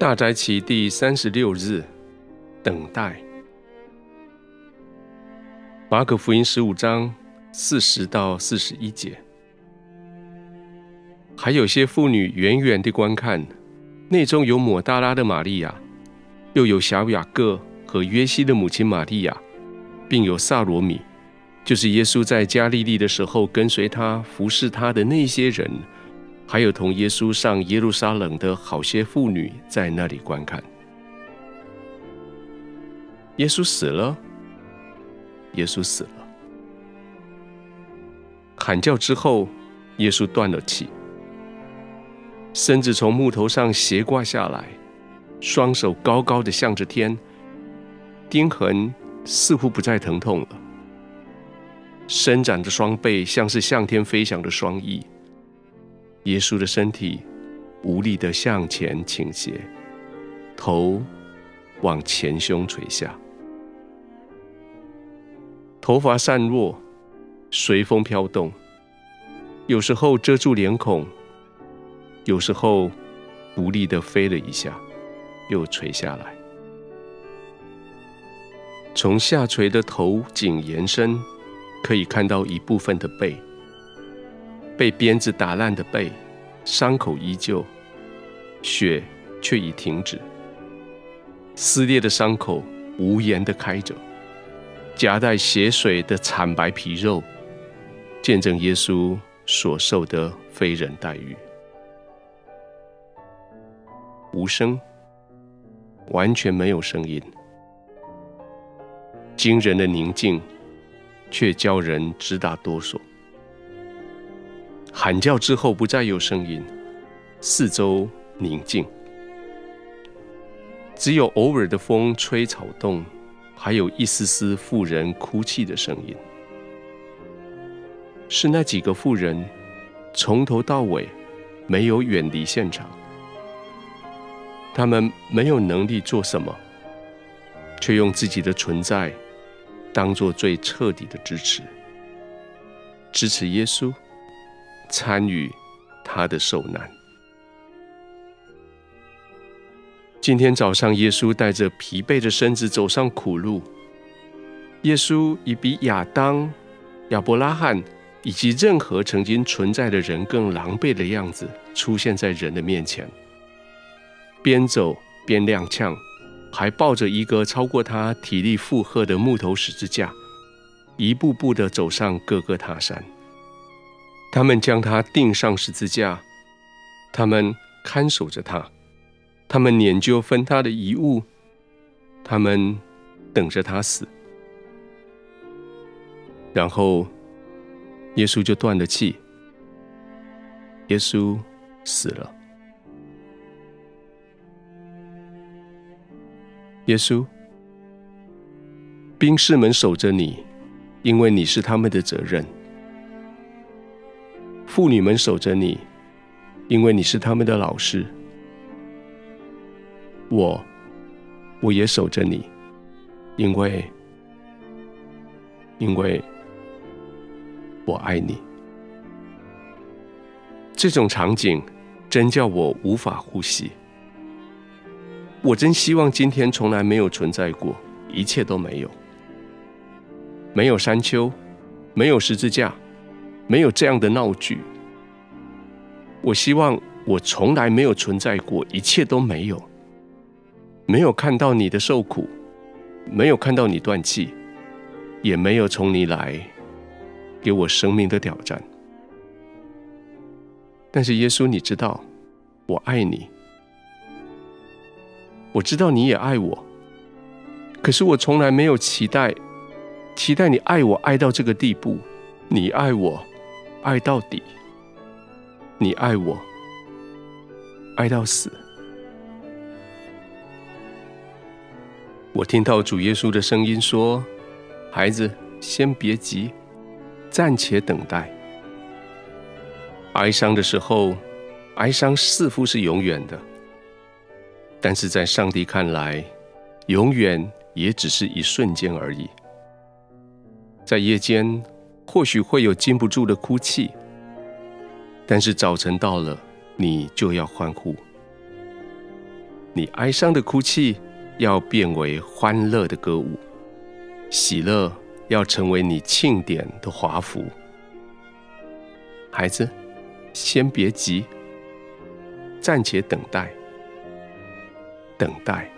大齋期第三十六日，等待。馬可福音十五章四十到四十一節，還有些婦女遠遠地觀看，內中有抹大拉的瑪利亞，又有小雅各和約西的母親瑪利亞，並有撒羅米，就是耶穌在加利利的時候，跟隨他服事他的那些人。還有同耶穌上耶路撒冷的好些婦女，在那裡觀看。耶穌死了？耶穌死了。喊叫之後，耶穌斷了氣，身子從木頭上斜掛下來，雙手高高的向着天，釘痕似乎不再疼痛了，伸展着雙臂，像是向天飛翔的雙翼。耶穌的身體無力的向前傾斜，頭往前胸垂下，頭髮散落，隨風飄動，有時候遮住臉孔，有時候無力的飛了一下，又垂下來。從下垂的頭頸延伸，可以看到一部分的背。被鞭子打爛的背，傷口依舊，血卻已停止。撕裂的傷口，無言的開着，夾帶血水的慘白皮肉，見證耶穌所受的非人待遇。無聲，完全沒有聲音，驚人的寧靜，卻教人直打哆嗦。喊叫之後不再有聲音，四周寧靜，只有偶爾的風吹草動，還有一絲絲婦人哭泣的聲音。是那幾個婦人，從頭到尾沒有遠離現場。他們沒有能力做什麼，卻用自己的存在，當做最徹底的支持，支持耶穌。參與他的受難。今天早上，耶穌帶着疲憊的身子走上苦路。耶穌以比亞當、亞伯拉罕以及任何曾經存在的人更狼狽的樣子出現在人的面前，邊走邊踉蹌，還抱着一個超過他體力負荷的木頭十字架，一步步的走上各各他山。他們將他釘上十字架，他們看守着他，他們拈鬮分他的遺物，他們等着他死，然後耶穌就斷了氣。耶穌死了。耶穌，兵士們守着你，因為你是他們的責任。婦女們守着你，因為你是她們的老師。我，我也守着你，因為，因為我愛你。這種場景真叫我無法呼吸。我真希望今天從來沒有存在過，一切都沒有，沒有山丘，沒有十字架。沒有這樣的鬧劇。我希望我從來沒有存在過，一切都沒有，沒有看到你的受苦，沒有看到你斷氣，也沒有從你來給我生命的挑戰。但是耶穌，你知道，我愛你，我知道你也愛我。可是我從來沒有期待，期待你愛我愛到這個地步，你愛我。愛到底，你愛我，愛到死。我聽到主耶穌的聲音說：“孩子，先別急，暫且等待。”哀傷的時候，哀傷似乎是永遠的，但是在上帝看來，永遠也只是一瞬間而已。在夜間，或許會有禁不住的哭泣，但是早晨到了，你就要歡呼。你哀傷的哭泣要變為歡樂的歌舞，喜樂要成為你慶典的華服。孩子，先別急，暫且等待，等待。